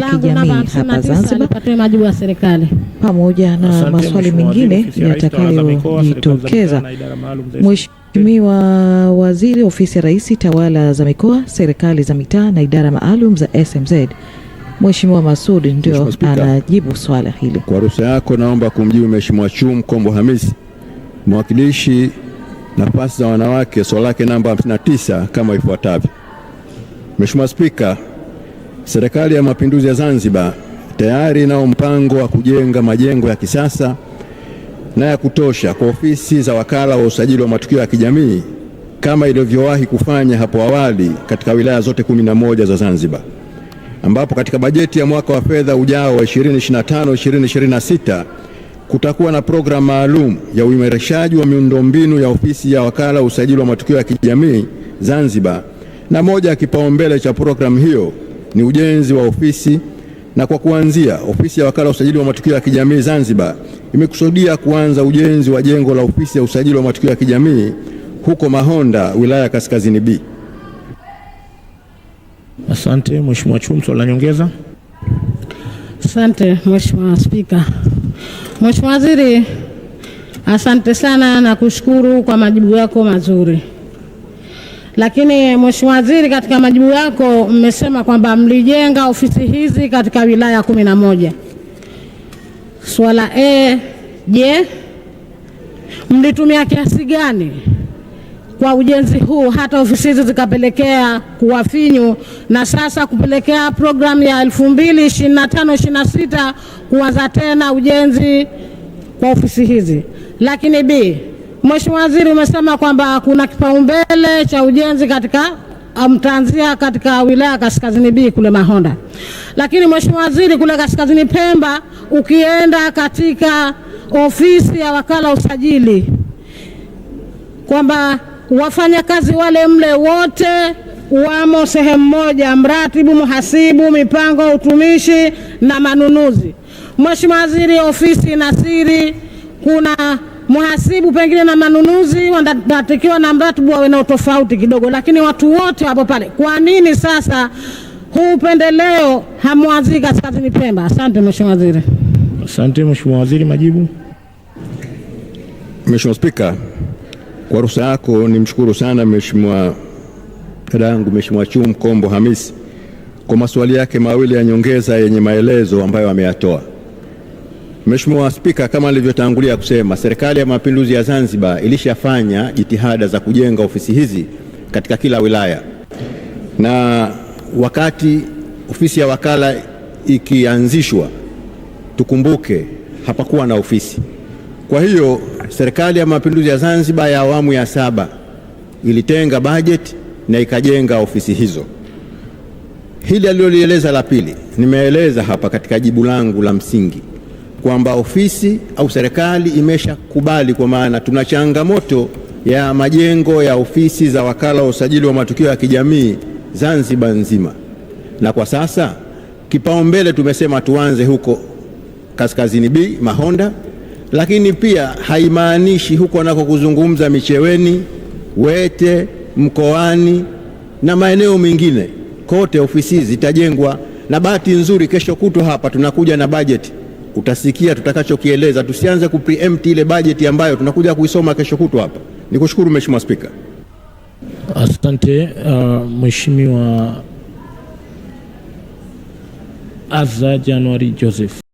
ya kijamii hapa Zanzibar pamoja na maswali mengine yatakayojitokeza. Mheshimiwa Waziri, Ofisi ya Rais, Tawala za Mikoa, Serikali za Mitaa na Idara Maalum za SMZ, Mheshimiwa Masud ndio anajibu swala hili. Kwa ruhusa yako, naomba kumjibu Mheshimiwa Chum Kombo Hamisi, mwakilishi nafasi za wanawake, swali lake namba 59 kama ifuatavyo. Mheshimiwa Spika, Serikali ya Mapinduzi ya Zanzibar tayari inao mpango wa kujenga majengo ya kisasa na ya kutosha kwa ofisi za wakala wa usajili wa matukio ya kijamii kama ilivyowahi kufanya hapo awali katika wilaya zote moja za Zanzibar, ambapo katika bajeti ya mwaka wa fedha ujao wa 2025-2026 kutakuwa na programu maalum ya uimarishaji wa miundombinu ya ofisi ya wakala wa usajili wa matukio ya kijamii Zanzibar, na moja ya kipaumbele cha programu hiyo ni ujenzi wa ofisi, na kwa kuanzia ofisi ya wakala wa usajili wa matukio ya kijamii Zanzibar imekusudia kuanza ujenzi wa jengo la ofisi ya usajili wa matukio ya kijamii huko Mahonda, wilaya ya Kaskazini B. Asante Mheshimiwa Chum, swali la nyongeza. Asante Mheshimiwa Spika. Mheshimiwa Waziri, asante sana na kushukuru kwa majibu yako mazuri. Lakini Mheshimiwa Waziri, katika majibu yako mmesema kwamba mlijenga ofisi hizi katika wilaya kumi na moja. Swala e, je, mlitumia kiasi gani kwa ujenzi huu hata ofisi hizi zikapelekea kuwa finyu na sasa kupelekea programu ya 2025 26 kuanza tena ujenzi kwa ofisi hizi? Lakini b Mheshimiwa Waziri, umesema kwamba kuna kipaumbele cha ujenzi katika mtanzia um, katika wilaya Kaskazini B kule Mahonda, lakini Mheshimiwa Waziri, kule Kaskazini Pemba, ukienda katika ofisi ya wakala usajili kwamba wafanyakazi wale mle wote wamo sehemu moja, mratibu, mhasibu, mipango, utumishi na manunuzi. Mheshimiwa Waziri, ofisi na siri, kuna Mhasibu pengine na manunuzi wanatakiwa na mratibu wawe na utofauti kidogo, lakini watu wote wapo pale. Kwa nini sasa huu upendeleo hamwazii kaskazini Pemba? Asante mheshimiwa waziri. Asante mheshimiwa waziri, majibu. Mheshimiwa Spika, kwa ruhusa yako nimshukuru sana mheshimiwa dada yangu mheshimiwa Chum Kombo Hamisi kwa maswali yake mawili ya nyongeza yenye maelezo ambayo ameyatoa. Mheshimiwa Spika, kama alivyotangulia kusema, Serikali ya Mapinduzi ya Zanzibar ilishafanya jitihada za kujenga ofisi hizi katika kila wilaya, na wakati ofisi ya wakala ikianzishwa, tukumbuke hapakuwa na ofisi. Kwa hiyo Serikali ya Mapinduzi ya Zanzibar ya awamu ya saba ilitenga bajeti na ikajenga ofisi hizo. Hili alilolieleza la pili nimeeleza hapa katika jibu langu la msingi kwamba ofisi au serikali imeshakubali kwa maana tuna changamoto ya majengo ya ofisi za wakala wa usajili wa matukio ya kijamii Zanzibar nzima, na kwa sasa kipaumbele tumesema tuanze huko Kaskazini B Mahonda, lakini pia haimaanishi huko nako kuzungumza Micheweni, Wete, Mkoani na maeneo mengine kote ofisi zitajengwa, na bahati nzuri kesho kutwa hapa tunakuja na bajeti utasikia tutakachokieleza. Tusianze ku preempt ile bajeti ambayo tunakuja kuisoma kesho kutwa hapa. Nikushukuru Mheshimiwa Spika. Asante uh, Mheshimiwa Azza Januari Joseph.